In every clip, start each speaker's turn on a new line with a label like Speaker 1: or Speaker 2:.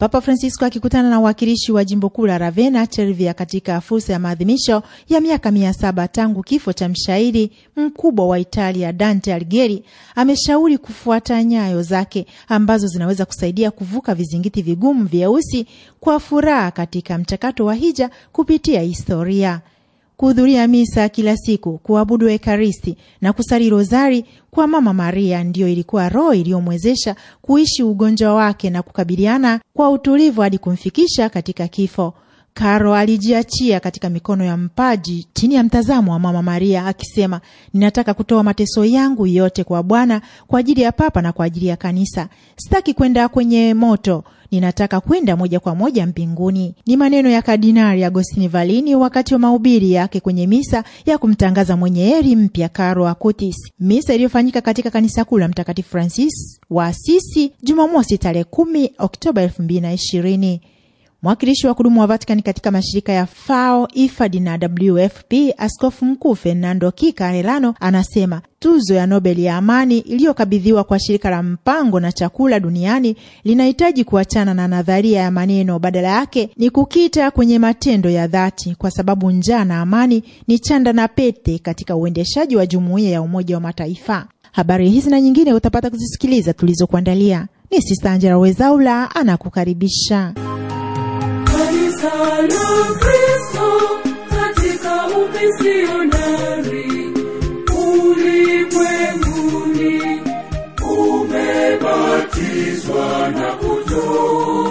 Speaker 1: Papa Francisco akikutana na wawakilishi wa jimbo kuu la Ravena Chervia katika fursa ya maadhimisho ya miaka mia saba tangu kifo cha mshairi mkubwa wa Italia Dante Alighieri, ameshauri kufuata nyayo zake ambazo zinaweza kusaidia kuvuka vizingiti vigumu vyeusi kwa furaha katika mchakato wa hija kupitia historia kuhudhuria misa kila siku, kuabudu Ekaristi na kusali rozari kwa Mama Maria ndiyo ilikuwa roho iliyomwezesha kuishi ugonjwa wake na kukabiliana kwa utulivu hadi kumfikisha katika kifo. Karo alijiachia katika mikono ya mpaji chini ya mtazamo wa Mama Maria akisema, ninataka kutoa mateso yangu yote kwa Bwana kwa ajili ya Papa na kwa ajili ya kanisa. Sitaki kwenda kwenye moto, ninataka kwenda moja kwa moja mbinguni. Ni maneno ya Kardinali Agostini Valini wakati wa mahubiri yake kwenye misa ya kumtangaza mwenye heri mpya Karo Acutis, misa iliyofanyika katika kanisa kuu la Mtakatifu Francis wa Asisi Jumamosi tarehe 10 Oktoba 2020. Mwakilishi wa kudumu wa Vatikani katika mashirika ya FAO, IFAD na WFP, Askofu Mkuu Fernando Kikarelano anasema tuzo ya Nobel ya amani iliyokabidhiwa kwa shirika la mpango na chakula duniani linahitaji kuachana na nadharia ya maneno, badala yake ni kukita kwenye matendo ya dhati, kwa sababu njaa na amani ni chanda na pete katika uendeshaji wa jumuiya ya Umoja wa Mataifa. Habari hizi na nyingine utapata kuzisikiliza tulizokuandalia. Ni Sista Angela Wezaula anakukaribisha sana Kristo katika umisionari ulimwenguni
Speaker 2: umebatizwa na kutoka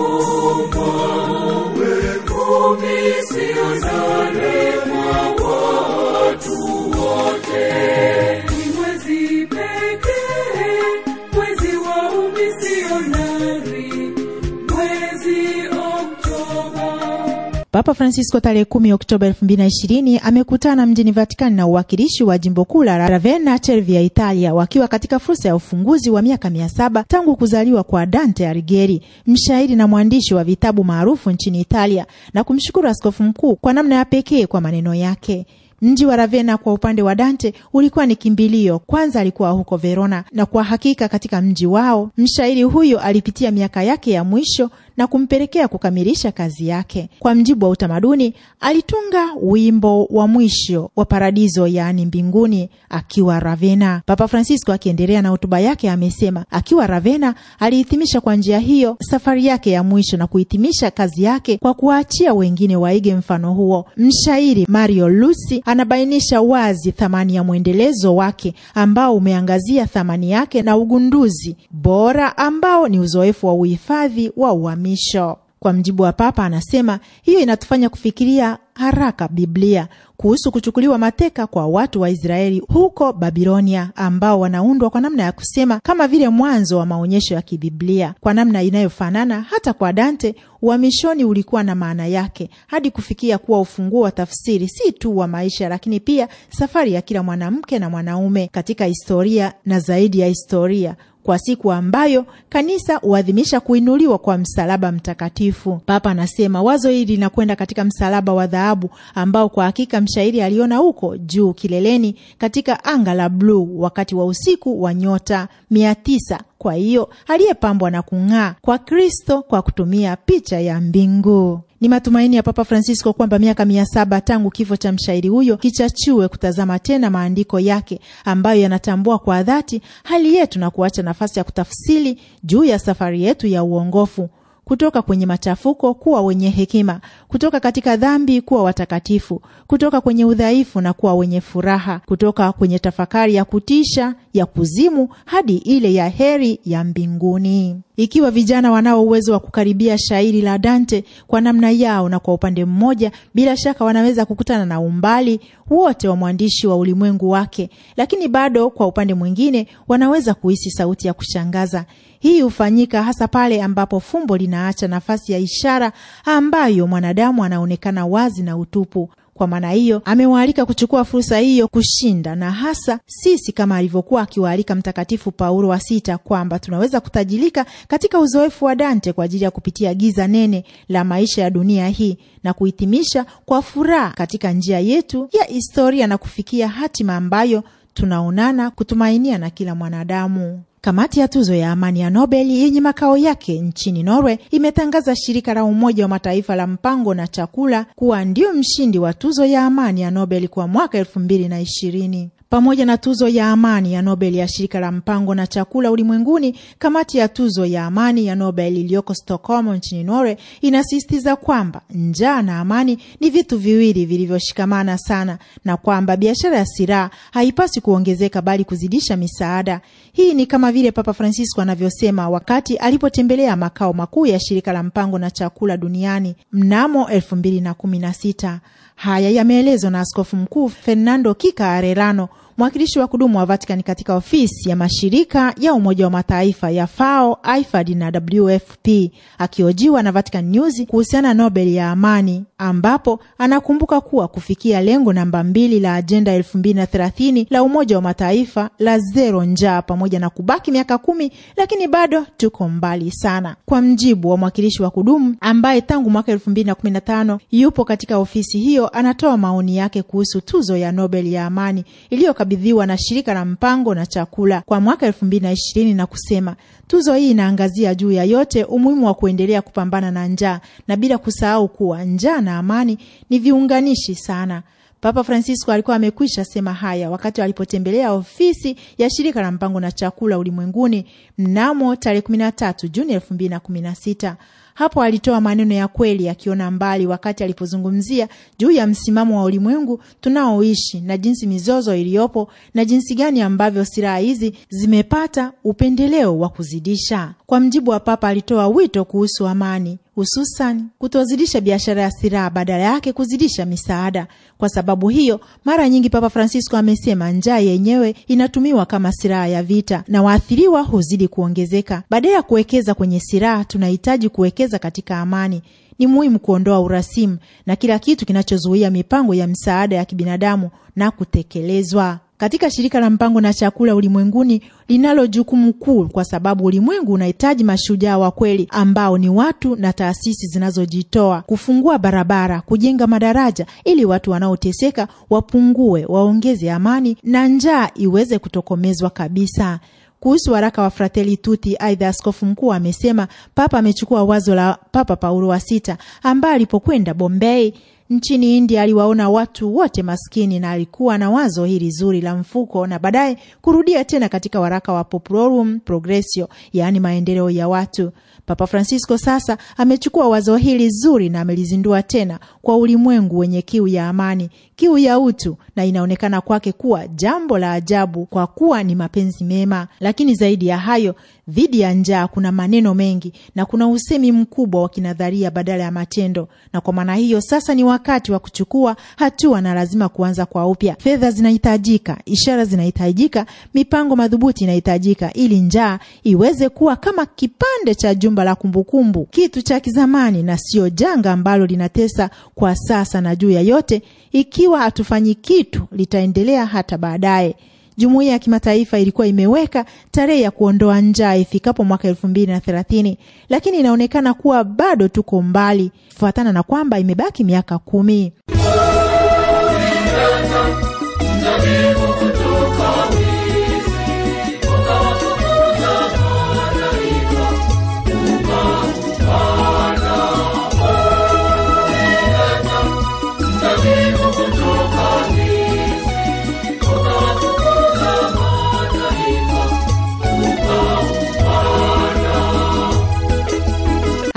Speaker 1: Papa Francisco tarehe 10 Oktoba 2020 amekutana mjini Vatikani na uwakilishi wa jimbo kuu la Ravenna Cervia, Italia, wakiwa katika fursa ya ufunguzi wa miaka mia saba tangu kuzaliwa kwa Dante Alighieri, mshairi na mwandishi wa vitabu maarufu nchini Italia, na kumshukuru askofu mkuu kwa namna ya pekee kwa maneno yake. Mji wa Ravenna kwa upande wa Dante ulikuwa ni kimbilio, kwanza alikuwa huko Verona, na kwa hakika katika mji wao mshairi huyo alipitia miaka yake ya mwisho na kumpelekea kukamilisha kazi yake. Kwa mjibu wa utamaduni, alitunga wimbo wa mwisho wa paradizo, yaani mbinguni, akiwa Ravena. Papa Francisco akiendelea na hotuba yake amesema, akiwa Ravena alihitimisha kwa njia hiyo safari yake ya mwisho na kuhitimisha kazi yake kwa kuwaachia wengine waige mfano huo. Mshairi Mario Lusi anabainisha wazi thamani ya mwendelezo wake ambao umeangazia thamani yake na ugunduzi bora ambao ni uzoefu wa uhifadhi wa uamini uhamisho. Kwa mjibu wa Papa, anasema hiyo inatufanya kufikiria haraka Biblia kuhusu kuchukuliwa mateka kwa watu wa Israeli huko Babilonia, ambao wanaundwa kwa namna ya kusema kama vile mwanzo wa maonyesho ya kibiblia kwa namna inayofanana. Hata kwa Dante uhamishoni ulikuwa na maana yake, hadi kufikia kuwa ufunguo wa tafsiri si tu wa maisha, lakini pia safari ya kila mwanamke na mwanaume katika historia na zaidi ya historia, kwa siku ambayo kanisa huadhimisha kuinuliwa kwa msalaba mtakatifu. Papa anasema wazo hili linakwenda katika msalaba wa dhahabu ambao kwa hakika mshairi aliona huko juu kileleni katika anga la bluu wakati wa usiku wa nyota mia tisa kwa hiyo aliyepambwa na kung'aa kwa Kristo kwa kutumia picha ya mbingu. Ni matumaini ya Papa Francisco kwamba miaka mia saba tangu kifo cha mshairi huyo kichachue kutazama tena maandiko yake ambayo yanatambua kwa dhati hali yetu na kuacha nafasi ya kutafsiri juu ya safari yetu ya uongofu kutoka kwenye machafuko kuwa wenye hekima, kutoka katika dhambi kuwa watakatifu, kutoka kwenye udhaifu na kuwa wenye furaha, kutoka kwenye tafakari ya kutisha ya kuzimu hadi ile ya heri ya mbinguni. Ikiwa vijana wanao uwezo wa kukaribia shairi la Dante kwa namna yao na kwa upande mmoja, bila shaka wanaweza kukutana na umbali wote wa mwandishi wa ulimwengu wake, lakini bado kwa upande mwingine wanaweza kuhisi sauti ya kushangaza. Hii hufanyika hasa pale ambapo fumbo linaacha nafasi ya ishara ambayo mwanadamu anaonekana wazi na utupu. Kwa maana hiyo amewaalika kuchukua fursa hiyo kushinda, na hasa sisi kama alivyokuwa akiwaalika Mtakatifu Paulo wa Sita kwamba tunaweza kutajirika katika uzoefu wa Dante kwa ajili ya kupitia giza nene la maisha ya dunia hii na kuhitimisha kwa furaha katika njia yetu ya historia na kufikia hatima ambayo tunaonana kutumainia na kila mwanadamu. Kamati ya tuzo ya amani ya Nobel yenye makao yake nchini Norwe imetangaza shirika la Umoja wa Mataifa la mpango na chakula kuwa ndio mshindi wa tuzo ya amani ya Nobel kwa mwaka elfu mbili na ishirini. Pamoja na tuzo ya amani ya Nobel ya shirika la mpango na chakula ulimwenguni, kamati ya tuzo ya amani ya Nobel iliyoko Stockholm nchini Norway inasisitiza kwamba njaa na amani ni vitu viwili vilivyoshikamana sana na kwamba biashara ya silaha haipasi kuongezeka bali kuzidisha misaada. Hii ni kama vile Papa Francisco anavyosema wakati alipotembelea makao makuu ya shirika la mpango na chakula duniani mnamo elfu mbili na kumi na sita. Haya yameelezwa na askofu mkuu Fernando Kika Arerano Mwakilishi wa kudumu wa Vatican katika ofisi ya mashirika ya Umoja wa Mataifa ya FAO, IFAD na WFP akiojiwa na Vatican News kuhusiana na Nobel ya amani, ambapo anakumbuka kuwa kufikia lengo namba mbili la ajenda elfu mbili na thelathini la Umoja wa Mataifa la zero njaa pamoja na kubaki miaka kumi, lakini bado tuko mbali sana. Kwa mjibu wa mwakilishi wa kudumu ambaye tangu mwaka elfu mbili na kumi na tano yupo katika ofisi hiyo, anatoa maoni yake kuhusu tuzo ya Nobel ya amani iliyo kukabidhiwa na shirika la mpango na chakula kwa mwaka elfu mbili na ishirini na kusema tuzo hii inaangazia juu ya yote umuhimu wa kuendelea kupambana na njaa na bila kusahau kuwa njaa na amani ni viunganishi sana. Papa Francisco alikuwa amekwisha sema haya wakati alipotembelea ofisi ya shirika la mpango na chakula ulimwenguni mnamo tarehe 13 Juni 2016. Hapo alitoa maneno ya kweli akiona mbali, wakati alipozungumzia juu ya msimamo wa ulimwengu tunaoishi na jinsi mizozo iliyopo na jinsi gani ambavyo silaha hizi zimepata upendeleo wa kuzidisha. Kwa mjibu wa Papa, alitoa wito kuhusu amani hususan kutozidisha biashara ya silaha, badala yake kuzidisha misaada. Kwa sababu hiyo, mara nyingi Papa Francisco amesema njaa yenyewe inatumiwa kama silaha ya vita na waathiriwa huzidi kuongezeka. Badala ya kuwekeza kwenye silaha, tunahitaji kuwekeza katika amani. Ni muhimu kuondoa urasimu na kila kitu kinachozuia mipango ya msaada ya kibinadamu na kutekelezwa katika shirika la mpango na chakula ulimwenguni linalo jukumu kuu, kwa sababu ulimwengu unahitaji mashujaa wa kweli ambao ni watu na taasisi zinazojitoa kufungua barabara, kujenga madaraja, ili watu wanaoteseka wapungue, waongeze amani na njaa iweze kutokomezwa kabisa. Kuhusu waraka wa frateli tuti aidha askofu mkuu amesema Papa amechukua wazo la Papa Paulo wa sita ambaye alipokwenda bombei Nchini India aliwaona watu wote maskini na alikuwa na wazo hili zuri la mfuko na baadaye kurudia tena katika waraka wa Populorum Progressio, yaani maendeleo ya watu. Papa Francisco sasa amechukua wazo hili zuri na amelizindua tena kwa ulimwengu wenye kiu ya amani, kiu ya utu, na inaonekana kwake kuwa jambo la ajabu kwa kuwa ni mapenzi mema. Lakini zaidi ya hayo, dhidi ya njaa kuna maneno mengi na kuna usemi mkubwa wa kinadharia badala ya matendo, na kwa maana hiyo sasa ni wakati wa kuchukua hatua na lazima kuanza kwa upya. Fedha zinahitajika, ishara zinahitajika, mipango madhubuti inahitajika, ili njaa iweze kuwa kama kipande cha jumba la kumbukumbu, kitu cha kizamani na sio janga ambalo linatesa kwa sasa, na juu ya yote, ikiwa hatufanyi kitu, litaendelea hata baadaye jumuiya ya kimataifa ilikuwa imeweka tarehe ya kuondoa njaa ifikapo mwaka elfu mbili na thelathini, lakini inaonekana kuwa bado tuko mbali kufuatana na kwamba imebaki miaka kumi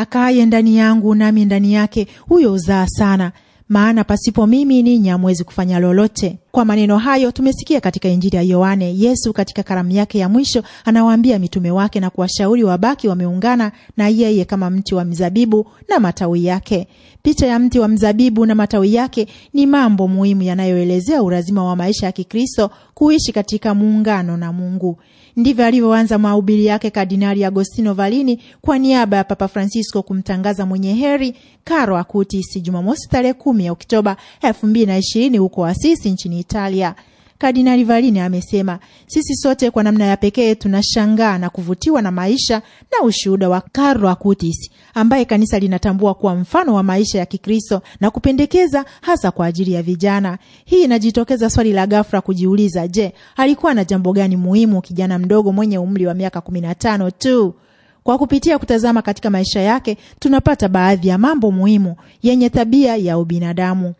Speaker 1: akaye ndani yangu nami ndani yake, huyo uzaa sana, maana pasipo mimi ninyi hamwezi kufanya lolote. Kwa maneno hayo tumesikia katika Injili ya Yohane, Yesu katika karamu yake ya mwisho anawaambia mitume wake na kuwashauri wabaki wameungana na yeye kama mti wa mzabibu na matawi yake. Picha ya mti wa mzabibu na matawi yake ni mambo muhimu yanayoelezea urazima wa maisha ya Kikristo kuishi katika muungano na Mungu. Ndivyo alivyoanza mahubiri yake Kardinali Agostino Valini kwa niaba ya Papa Francisco kumtangaza mwenye heri Caro Acutis Jumamosi tarehe kumi ya Oktoba elfu mbili na ishirini huko Asisi nchini Italia. Kardinali Valini amesema sisi sote kwa namna ya pekee tunashangaa na kuvutiwa na maisha na ushuhuda wa Carlo Acutis ambaye kanisa linatambua kuwa mfano wa maisha ya Kikristo na kupendekeza hasa kwa ajili ya vijana. Hii inajitokeza swali la ghafla kujiuliza, je, alikuwa na jambo gani muhimu kijana mdogo mwenye umri wa miaka kumi na tano tu? Kwa kupitia kutazama katika maisha yake tunapata baadhi ya mambo muhimu yenye tabia ya ubinadamu.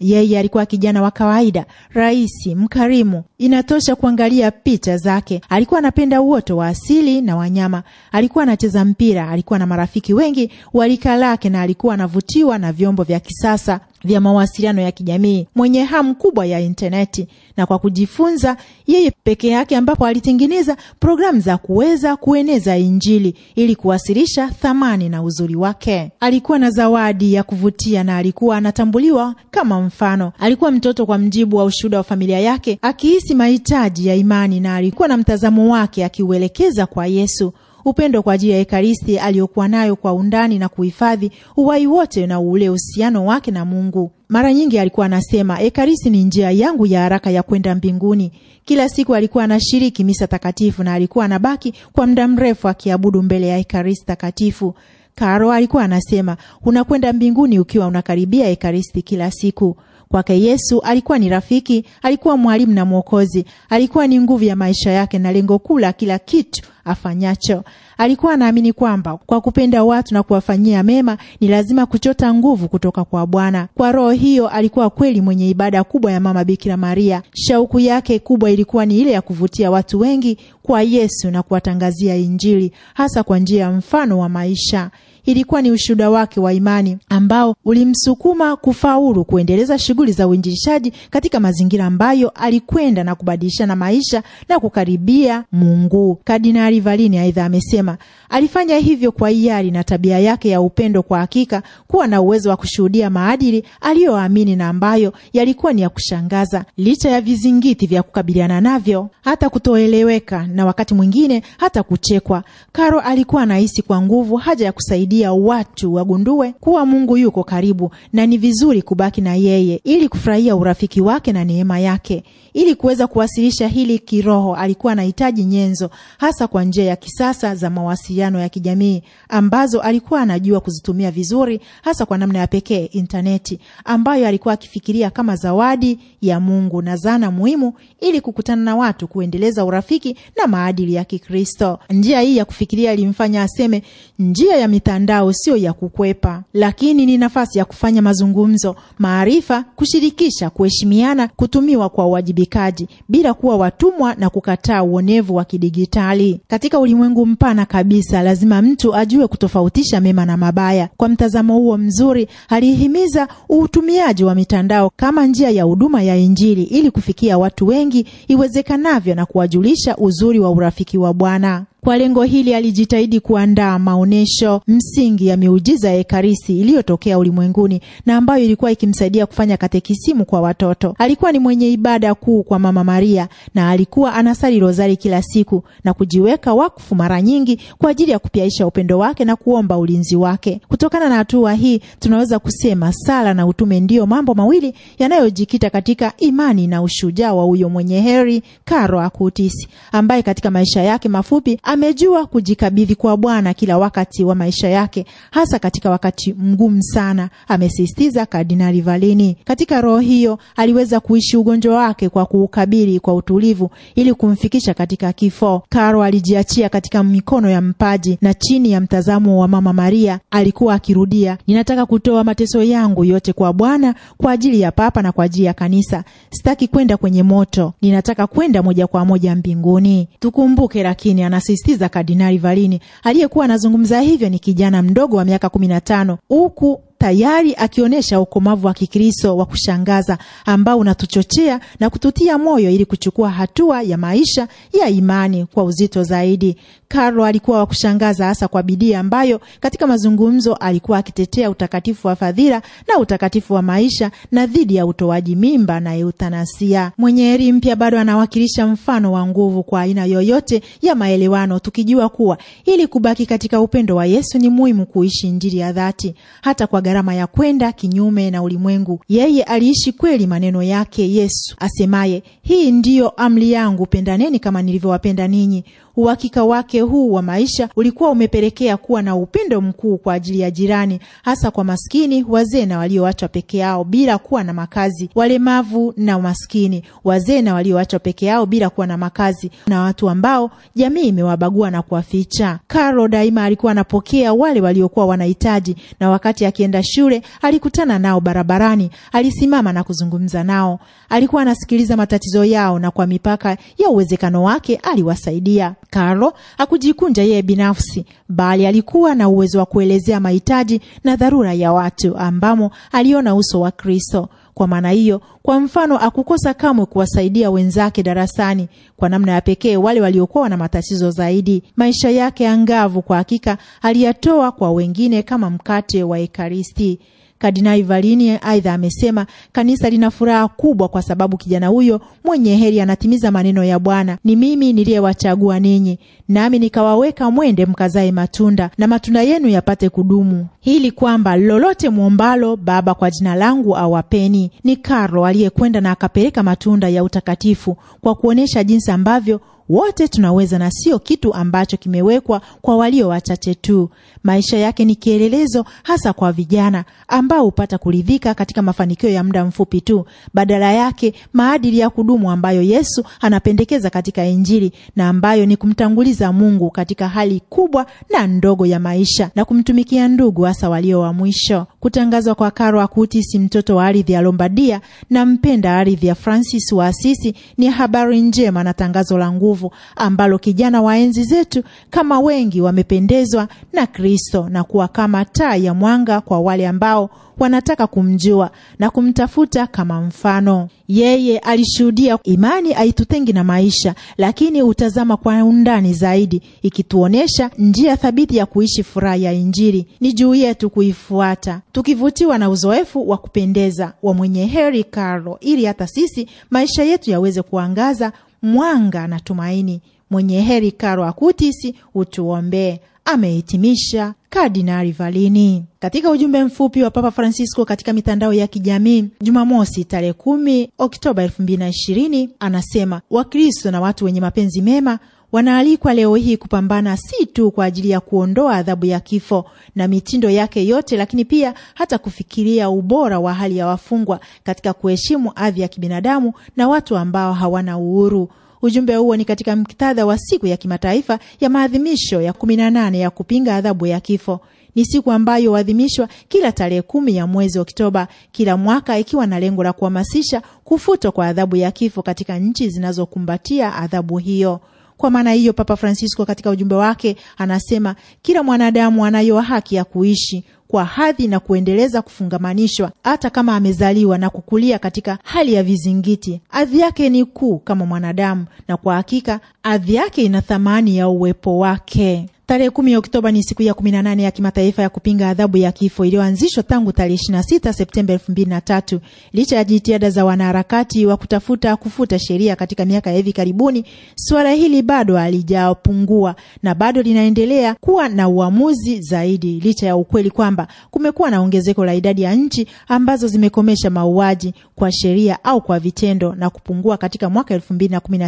Speaker 1: Yeye alikuwa kijana wa kawaida, raisi mkarimu, Inatosha kuangalia picha zake. Alikuwa anapenda uoto wa asili na wanyama, alikuwa anacheza mpira, alikuwa na marafiki wengi wa rika lake, na alikuwa anavutiwa na vyombo vya kisasa vya mawasiliano ya kijamii, mwenye hamu kubwa ya intaneti na kwa kujifunza yeye peke yake, ambapo alitengeneza programu za kuweza kueneza Injili ili kuwasilisha thamani na uzuri wake. Alikuwa na zawadi ya kuvutia na alikuwa anatambuliwa kama mfano. Alikuwa mtoto kwa mjibu wa ushuhuda wa familia yake, akihisi alihisi mahitaji ya imani na alikuwa na mtazamo wake akiuelekeza kwa Yesu. Upendo kwa ajili ya Ekaristi aliyokuwa nayo kwa undani na kuhifadhi uwai wote na ule uhusiano wake na Mungu. Mara nyingi alikuwa anasema, Ekaristi ni njia yangu ya haraka ya kwenda mbinguni. Kila siku alikuwa anashiriki misa takatifu na alikuwa anabaki kwa muda mrefu akiabudu mbele ya Ekaristi takatifu. Karo alikuwa anasema, unakwenda mbinguni ukiwa unakaribia Ekaristi kila siku. Kwake Yesu alikuwa ni rafiki, alikuwa mwalimu na Mwokozi, alikuwa ni nguvu ya maisha yake na lengo kuu la kila kitu afanyacho. Alikuwa anaamini kwamba kwa kupenda watu na kuwafanyia mema ni lazima kuchota nguvu kutoka kwa Bwana. Kwa roho hiyo, alikuwa kweli mwenye ibada kubwa ya Mama Bikira Maria. Shauku yake kubwa ilikuwa ni ile ya kuvutia watu wengi kwa Yesu na kuwatangazia Injili, hasa kwa njia ya mfano wa maisha ilikuwa ni ushuhuda wake wa imani ambao ulimsukuma kufaulu kuendeleza shughuli za uinjilishaji katika mazingira ambayo alikwenda na kubadilishana maisha na kukaribia Mungu. Kardinali Valini aidha amesema alifanya hivyo kwa hiari na tabia yake ya upendo, kwa hakika kuwa na uwezo wa kushuhudia maadili aliyoamini na ambayo yalikuwa ni ya kushangaza licha ya vizingiti vya kukabiliana navyo, hata kutoeleweka na wakati mwingine hata kuchekwa. Karo alikuwa anahisi kwa nguvu haja ya kusaidia kusaidia watu wagundue kuwa Mungu yuko karibu na ni vizuri kubaki na yeye ili kufurahia urafiki wake na neema yake. Ili kuweza kuwasilisha hili kiroho, alikuwa anahitaji nyenzo, hasa kwa njia ya kisasa za mawasiliano ya kijamii ambazo alikuwa anajua kuzitumia vizuri, hasa kwa namna ya pekee intaneti, ambayo alikuwa akifikiria kama zawadi ya Mungu na zana muhimu ili kukutana na watu, kuendeleza urafiki na maadili ya Kikristo. Njia hii ya kufikiria ilimfanya aseme, njia ya mitandao mtandao siyo ya kukwepa, lakini ni nafasi ya kufanya mazungumzo, maarifa, kushirikisha, kuheshimiana, kutumiwa kwa uwajibikaji bila kuwa watumwa na kukataa uonevu wa kidigitali. Katika ulimwengu mpana kabisa, lazima mtu ajue kutofautisha mema na mabaya. Kwa mtazamo huo mzuri, alihimiza uutumiaji wa mitandao kama njia ya huduma ya Injili ili kufikia watu wengi iwezekanavyo na kuwajulisha uzuri wa urafiki wa Bwana. Kwa lengo hili alijitahidi kuandaa maonyesho msingi ya miujiza ya Ekaristi iliyotokea ulimwenguni na ambayo ilikuwa ikimsaidia kufanya katekisimu kwa watoto. Alikuwa ni mwenye ibada kuu kwa Mama Maria na alikuwa anasali rozari kila siku na kujiweka wakfu mara nyingi kwa ajili ya kupiaisha upendo wake na kuomba ulinzi wake. Kutokana na hatua hii, tunaweza kusema sala na utume ndiyo mambo mawili yanayojikita katika imani na ushujaa wa huyo mwenye heri Caro Acutis ambaye katika maisha yake mafupi amejua kujikabidhi kwa Bwana kila wakati wa maisha yake, hasa katika wakati mgumu sana, amesisitiza Kardinali Valini. Katika roho hiyo aliweza kuishi ugonjwa wake kwa kuukabili kwa utulivu ili kumfikisha katika kifo. karo alijiachia katika mikono ya mpaji na chini ya mtazamo wa Mama Maria alikuwa akirudia, ninataka kutoa mateso yangu yote kwa Bwana kwa ajili ya Papa na kwa ajili ya kanisa. Sitaki kwenda kwenye moto, ninataka kwenda moja kwa moja mbinguni. Tukumbuke lakini anasisitiza alisisitiza Kardinali Valini. Aliyekuwa anazungumza hivyo ni kijana mdogo wa miaka kumi na tano huku tayari akionyesha ukomavu wa Kikristo wa kushangaza ambao unatuchochea na kututia moyo ili kuchukua hatua ya maisha ya imani kwa uzito zaidi. Karlo alikuwa wa kushangaza hasa kwa bidii ambayo katika mazungumzo alikuwa akitetea utakatifu wa fadhila na utakatifu wa maisha na dhidi ya utoaji mimba na eutanasia. Mwenye heri mpya bado anawakilisha mfano wa nguvu kwa aina yoyote ya maelewano, tukijua kuwa ili kubaki katika upendo wa Yesu ni muhimu kuishi Injili ya dhati hata kwa gharama ya kwenda kinyume na ulimwengu. Yeye aliishi kweli maneno yake Yesu asemaye, hii ndiyo amri yangu, pendaneni kama nilivyowapenda ninyi. Uhakika wake huu wa maisha ulikuwa umepelekea kuwa na upendo mkuu kwa ajili ya jirani, hasa kwa maskini, wazee na walioachwa peke yao bila kuwa na makazi, walemavu na maskini, wazee na walioachwa peke yao bila kuwa na makazi, na watu ambao jamii imewabagua na kuwaficha. Caro daima alikuwa anapokea wale waliokuwa wanahitaji, na wakati akienda shule alikutana nao barabarani, alisimama na kuzungumza nao, alikuwa anasikiliza matatizo yao, na kwa mipaka ya uwezekano wake aliwasaidia. Carlo hakujikunja yeye binafsi, bali alikuwa na uwezo wa kuelezea mahitaji na dharura ya watu ambamo aliona uso wa Kristo. Kwa maana hiyo, kwa mfano, akukosa kamwe kuwasaidia wenzake darasani, kwa namna ya pekee wale waliokuwa na matatizo zaidi. Maisha yake angavu, kwa hakika, aliyatoa kwa wengine kama mkate wa Ekaristi. Kardinali Varini aidha amesema kanisa lina furaha kubwa kwa sababu kijana huyo mwenye heri anatimiza maneno ya Bwana, ni mimi niliyewachagua ninyi, nami nikawaweka mwende mkazae matunda na matunda yenu yapate kudumu, ili kwamba lolote mwombalo Baba kwa jina langu awapeni. Ni Karlo aliyekwenda na akapeleka matunda ya utakatifu kwa kuonyesha jinsi ambavyo wote tunaweza na sio kitu ambacho kimewekwa kwa walio wachache tu. Maisha yake ni kielelezo hasa kwa vijana ambao hupata kuridhika katika mafanikio ya muda mfupi tu, badala yake maadili ya kudumu ambayo Yesu anapendekeza katika Injili na ambayo ni kumtanguliza Mungu katika hali kubwa na ndogo ya maisha na kumtumikia ndugu, hasa walio wa mwisho. Kutangazwa kwa Carlo Acutis, mtoto wa ardhi ya Lombardia na mpenda ardhi ya Francis wa Asisi, ni habari njema na tangazo la nguvu nguvu ambalo kijana wa enzi zetu kama wengi wamependezwa na Kristo na kuwa kama taa ya mwanga kwa wale ambao wanataka kumjua na kumtafuta kama mfano. Yeye alishuhudia imani aitutengi na maisha, lakini utazama kwa undani zaidi, ikituonyesha njia thabiti ya kuishi furaha ya Injili. Ni juu yetu kuifuata, tukivutiwa na uzoefu wa kupendeza wa mwenye heri Karlo, ili hata sisi maisha yetu yaweze kuangaza mwanga na tumaini. Mwenye heri Karwa Kutisi, utuombee, amehitimisha Kardinali Valini katika ujumbe mfupi wa Papa Francisco katika mitandao ya kijamii Jumamosi tarehe kumi Oktoba elfu mbili na ishirini. Anasema Wakristo na watu wenye mapenzi mema wanaalikwa leo hii kupambana si tu kwa ajili ya kuondoa adhabu ya kifo na mitindo yake yote, lakini pia hata kufikiria ubora wa hali ya wafungwa katika kuheshimu hadhi ya kibinadamu na watu ambao hawana uhuru. Ujumbe huo ni katika muktadha wa siku ya kimataifa ya maadhimisho ya 18 ya kupinga adhabu ya kifo. Ni siku ambayo huadhimishwa kila tarehe kumi ya mwezi Oktoba kila mwaka, ikiwa na lengo la kuhamasisha kufutwa kwa adhabu ya kifo katika nchi zinazokumbatia adhabu hiyo. Kwa maana hiyo, Papa Francisco katika ujumbe wake anasema kila mwanadamu anayo haki ya kuishi kwa hadhi na kuendeleza kufungamanishwa hata kama amezaliwa na kukulia katika hali ya vizingiti. Hadhi yake ni kuu kama mwanadamu, na kwa hakika hadhi yake ina thamani ya uwepo wake. Tarehe kumi Oktoba ni siku ya 18 ya kimataifa ya kupinga adhabu ya kifo iliyoanzishwa tangu tarehe sita Septemba tatu. Licha ya jitihada za wanaharakati wa kutafuta kufuta sheria katika miaka ya hivi karibuni, suala hili bado halijapungua na bado linaendelea kuwa na uamuzi zaidi, licha ya ukweli kwamba kumekuwa na ongezeko la idadi ya nchi ambazo zimekomesha mauaji kwa sheria au kwa vitendo na kupungua katika mwaka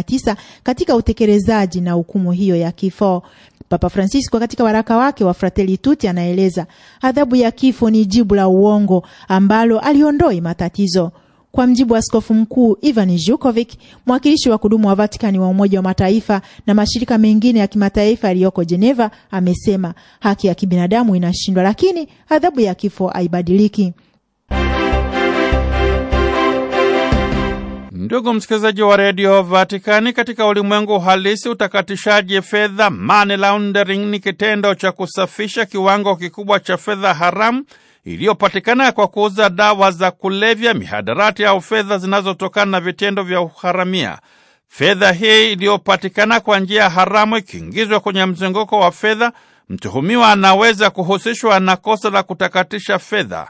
Speaker 1: tisa katika utekelezaji na hukumu hiyo ya kifo. Papa Francisco katika waraka wake wa Fratelli Tutti anaeleza adhabu ya kifo ni jibu la uongo ambalo aliondoi matatizo. Kwa mjibu wa askofu mkuu Ivan Jukovic, mwakilishi wa kudumu wa Vatikani wa Umoja wa Mataifa na mashirika mengine ya kimataifa yaliyoko Jeneva, amesema haki ya kibinadamu inashindwa, lakini adhabu ya kifo haibadiliki.
Speaker 2: Ndugu msikilizaji wa redio Vatikani, katika ulimwengu halisi utakatishaji fedha, money laundering, ni kitendo cha kusafisha kiwango kikubwa cha fedha haramu iliyopatikana kwa kuuza dawa za kulevya, mihadarati au fedha zinazotokana na vitendo vya uharamia. Fedha hii iliyopatikana kwa njia haramu ikiingizwa kwenye mzunguko wa fedha, mtuhumiwa anaweza kuhusishwa na kosa la kutakatisha fedha.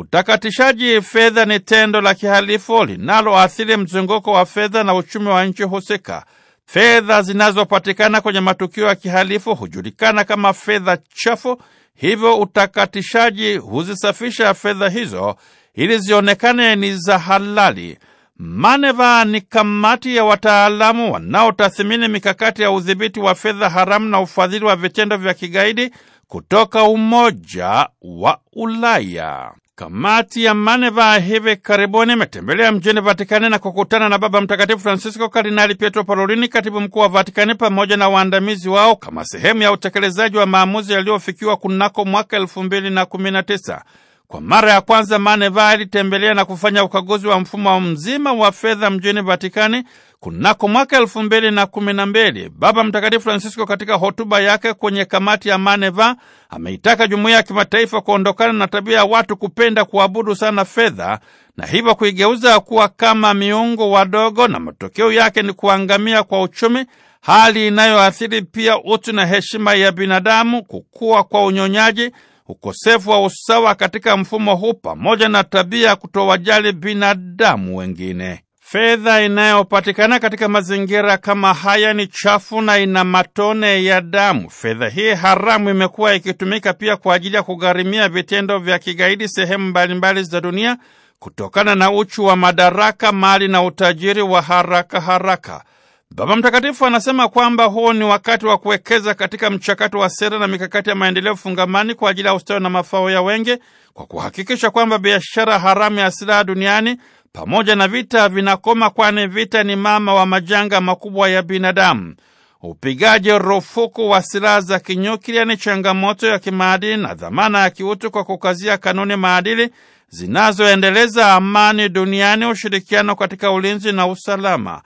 Speaker 2: Utakatishaji fedha ni tendo la kihalifu linaloathiri mzunguko wa fedha na uchumi wa nchi husika. Fedha zinazopatikana kwenye matukio ya kihalifu hujulikana kama fedha chafu, hivyo utakatishaji huzisafisha fedha hizo ili zionekane ni za halali. Maneva ni kamati ya wataalamu wanaotathimini mikakati ya udhibiti wa fedha haramu na ufadhili wa vitendo vya kigaidi kutoka Umoja wa Ulaya. Kamati ya maneva hivi karibuni imetembelea mjini Vatikani na kukutana na Baba Mtakatifu Francisco, Kardinali Pietro Parolini, katibu mkuu wa Vatikani, pamoja na waandamizi wao kama sehemu ya utekelezaji wa maamuzi yaliyofikiwa kunako mwaka elfu mbili na kumi na tisa. Kwa mara ya kwanza maneva alitembelea na kufanya ukaguzi wa mfumo mzima wa fedha mjini Vatikani kunako mwaka elfu mbili na kumi na mbili. Baba Mtakatifu Francisco katika hotuba yake kwenye kamati ya maneva ameitaka jumuiya ya kimataifa kuondokana na tabia ya watu kupenda kuabudu sana fedha na hivyo kuigeuza kuwa kama miungu wadogo, na matokeo yake ni kuangamia kwa uchumi, hali inayoathiri pia utu na heshima ya binadamu, kukua kwa unyonyaji ukosefu wa usawa katika mfumo huu pamoja na tabia ya kutowajali binadamu wengine. Fedha inayopatikana katika mazingira kama haya ni chafu na ina matone ya damu. Fedha hii haramu imekuwa ikitumika pia kwa ajili ya kugharimia vitendo vya kigaidi sehemu mbalimbali za dunia kutokana na uchu wa madaraka, mali na utajiri wa haraka haraka. Baba Mtakatifu anasema kwamba huu ni wakati wa kuwekeza katika mchakato wa sera na mikakati ya maendeleo fungamani kwa ajili ya ustawi na mafao ya wengi kwa kuhakikisha kwamba biashara haramu ya silaha duniani pamoja na vita vinakoma, kwani vita ni mama wa majanga makubwa ya binadamu. Upigaji rufuku wa silaha za kinyuklia ni changamoto ya kimaadili na dhamana ya kiutu kwa kukazia kanuni maadili zinazoendeleza amani duniani, ushirikiano katika ulinzi na usalama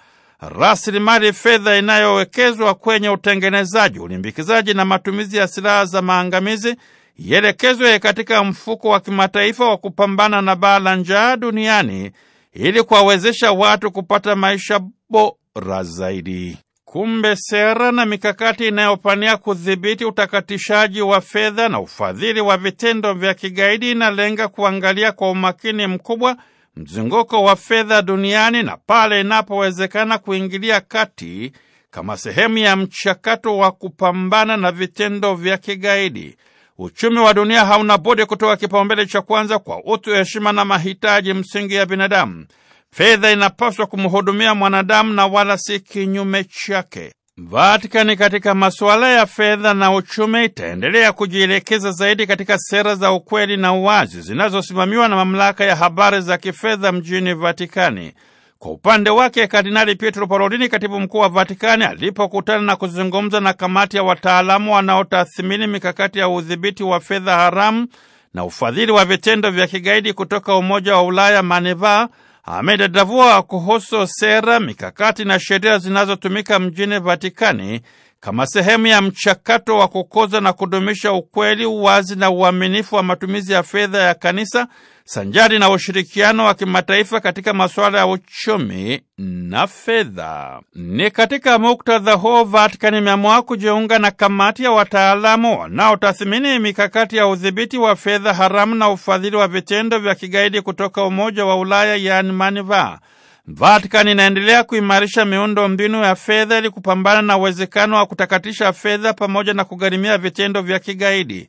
Speaker 2: rasilimali fedha inayowekezwa kwenye utengenezaji, ulimbikizaji na matumizi ya silaha za maangamizi ielekezwe katika mfuko wa kimataifa wa kupambana na baa la njaa duniani ili kuwawezesha watu kupata maisha bora zaidi. Kumbe sera na mikakati inayopania kudhibiti utakatishaji wa fedha na ufadhili wa vitendo vya kigaidi inalenga kuangalia kwa umakini mkubwa mzunguko wa fedha duniani na pale inapowezekana kuingilia kati kama sehemu ya mchakato wa kupambana na vitendo vya kigaidi. Uchumi wa dunia hauna budi kutoa kipaumbele cha kwanza kwa utu, heshima na mahitaji msingi ya binadamu. Fedha inapaswa kumhudumia mwanadamu na wala si kinyume chake. Vatikani katika masuala ya fedha na uchumi itaendelea kujielekeza zaidi katika sera za ukweli na uwazi zinazosimamiwa na mamlaka ya habari za kifedha mjini Vatikani. Kwa upande wake, Kardinali Pietro Parolini, katibu mkuu wa Vatikani, alipokutana na kuzungumza na kamati ya wataalamu wanaotathmini mikakati ya udhibiti wa fedha haramu na ufadhili wa vitendo vya kigaidi kutoka Umoja wa Ulaya, maneva amedadavua kuhusu sera, mikakati na sheria zinazotumika mjini Vatikani kama sehemu ya mchakato wa kukuza na kudumisha ukweli, uwazi na uaminifu wa matumizi ya fedha ya kanisa sanjari na ushirikiano wa kimataifa katika masuala ya uchumi na fedha. Ni katika muktadha huo Vatikani imeamua kujiunga na kamati ya wataalamu wanaotathmini mikakati ya udhibiti wa fedha haramu na ufadhili wa vitendo vya kigaidi kutoka Umoja wa Ulaya, yani Maniva. Vatikani inaendelea kuimarisha miundo mbinu ya fedha ili kupambana na uwezekano wa kutakatisha fedha pamoja na kugharimia vitendo vya kigaidi.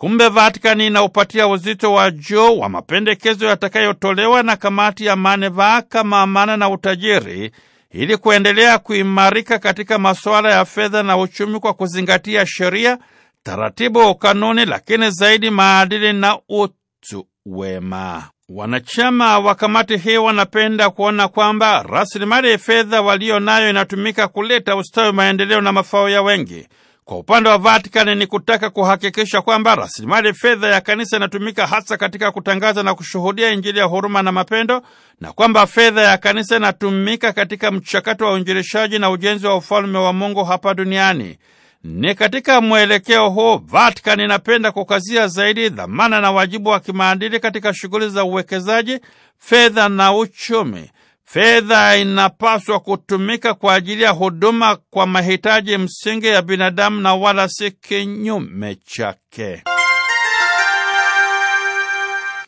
Speaker 2: Kumbe Vatikani inaupatia uzito wa juu wa mapendekezo yatakayotolewa na kamati ya maneva kama amana na utajiri ili kuendelea kuimarika katika masuala ya fedha na uchumi kwa kuzingatia sheria, taratibu, kanuni, lakini zaidi maadili na utu wema. Wanachama wa kamati hii wanapenda kuona kwamba rasilimali fedha walio nayo inatumika kuleta ustawi, maendeleo na mafao ya wengi. Kwa upande wa Vatikani ni kutaka kuhakikisha kwamba rasilimali fedha ya kanisa inatumika hasa katika kutangaza na kushuhudia Injili ya huruma na mapendo, na kwamba fedha ya kanisa inatumika katika mchakato wa uinjilishaji na ujenzi wa ufalme wa Mungu hapa duniani. Ni katika mwelekeo huu Vatikani inapenda kukazia zaidi dhamana na wajibu wa kimaadili katika shughuli za uwekezaji, fedha na uchumi. Fedha inapaswa kutumika kwa ajili ya huduma kwa mahitaji msingi ya binadamu na wala si kinyume chake.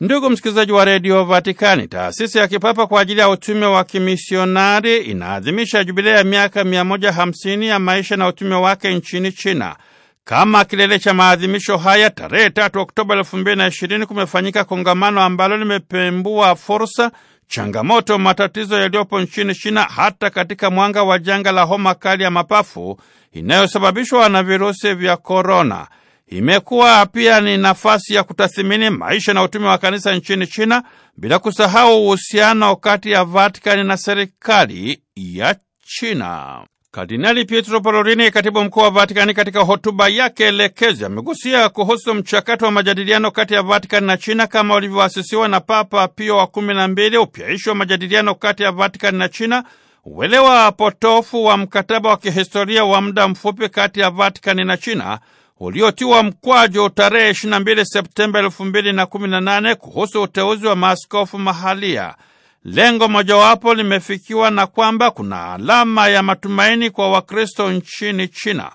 Speaker 2: Ndugu msikilizaji wa redio Vatikani, taasisi ya kipapa kwa ajili ya utume wa kimisionari inaadhimisha jubilei ya miaka 150 ya maisha na utume wake nchini China. Kama kilele cha maadhimisho haya, tarehe 3 Oktoba 2020 kumefanyika kongamano ambalo limepembua fursa changamoto, matatizo yaliyopo nchini China, hata katika mwanga wa janga la homa kali ya mapafu inayosababishwa na virusi vya korona. Imekuwa pia ni nafasi ya kutathimini maisha na utume wa kanisa nchini China, bila kusahau uhusiano kati ya Vatikani na serikali ya China. Kardinali Pietro Parolini, katibu mkuu wa Vatikani, katika hotuba yake elekezi amegusia kuhusu mchakato wa majadiliano kati ya Vatikani na China kama ulivyoasisiwa na Papa Pio wa kumi na mbili, upyaishi wa majadiliano kati ya Vatikani na China, uelewa potofu wa mkataba wa kihistoria wa muda mfupi kati ya Vatikani na China uliotiwa mkwaju tarehe 22 Septemba 2018 kuhusu uteuzi wa maaskofu mahalia. Lengo mojawapo limefikiwa na kwamba kuna alama ya matumaini kwa Wakristo nchini China.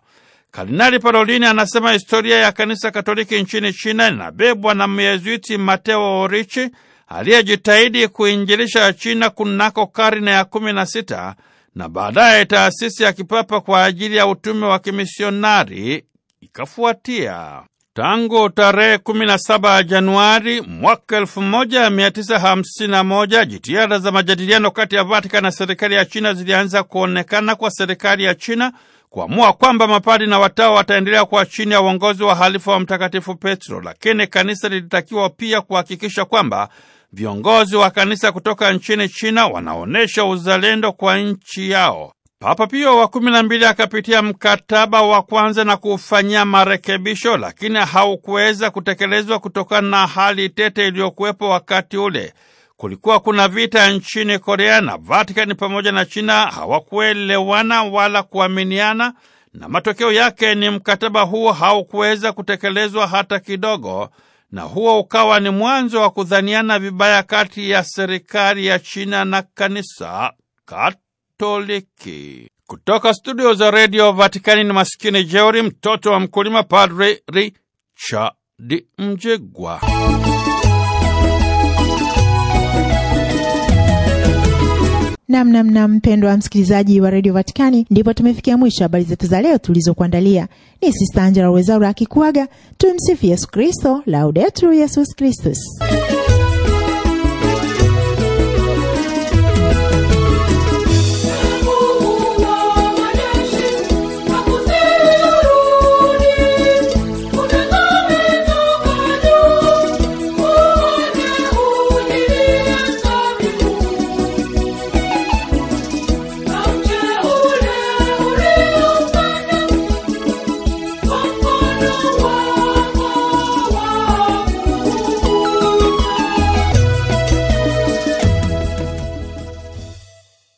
Speaker 2: Kardinali Parolini anasema historia ya kanisa Katoliki nchini China inabebwa na Myezuiti Mateo Orichi aliyejitahidi kuinjilisha China kunako karne ya kumi na sita na baadaye taasisi ya kipapa kwa ajili ya utume wa kimisionari ikafuatia. Tangu tarehe 17 Januari mwaka 1951 jitihada za majadiliano kati ya Vatikani na serikali ya China zilianza kuonekana kwa serikali ya China kuamua kwamba mapadi na watawa wataendelea kuwa chini ya uongozi wa halifa wa Mtakatifu Petro, lakini kanisa lilitakiwa pia kuhakikisha kwamba viongozi wa kanisa kutoka nchini China wanaonyesha uzalendo kwa nchi yao. Papa Pio wa kumi na mbili akapitia mkataba wa kwanza na kuufanyia marekebisho, lakini haukuweza kutekelezwa kutokana na hali tete iliyokuwepo wakati ule. Kulikuwa kuna vita nchini Korea na Vatikani pamoja na China hawakuelewana wala kuaminiana, na matokeo yake ni mkataba huo haukuweza kutekelezwa hata kidogo, na huo ukawa ni mwanzo wa kudhaniana vibaya kati ya serikali ya China na kanisa kat Katoliki. Kutoka studio za redio Vatikani ni masikini jeuri, mtoto wa mkulima, Padre Richard Mjegwa.
Speaker 1: Namnamna mpendwa wa msikilizaji wa redio Vatikani, ndipo tumefikia mwisho habari zetu za leo tulizokuandalia. Ni Sista Angela Uwezaura akikuaga. Tumsifu Yesu Kristo, Laudetur Yesus Kristus.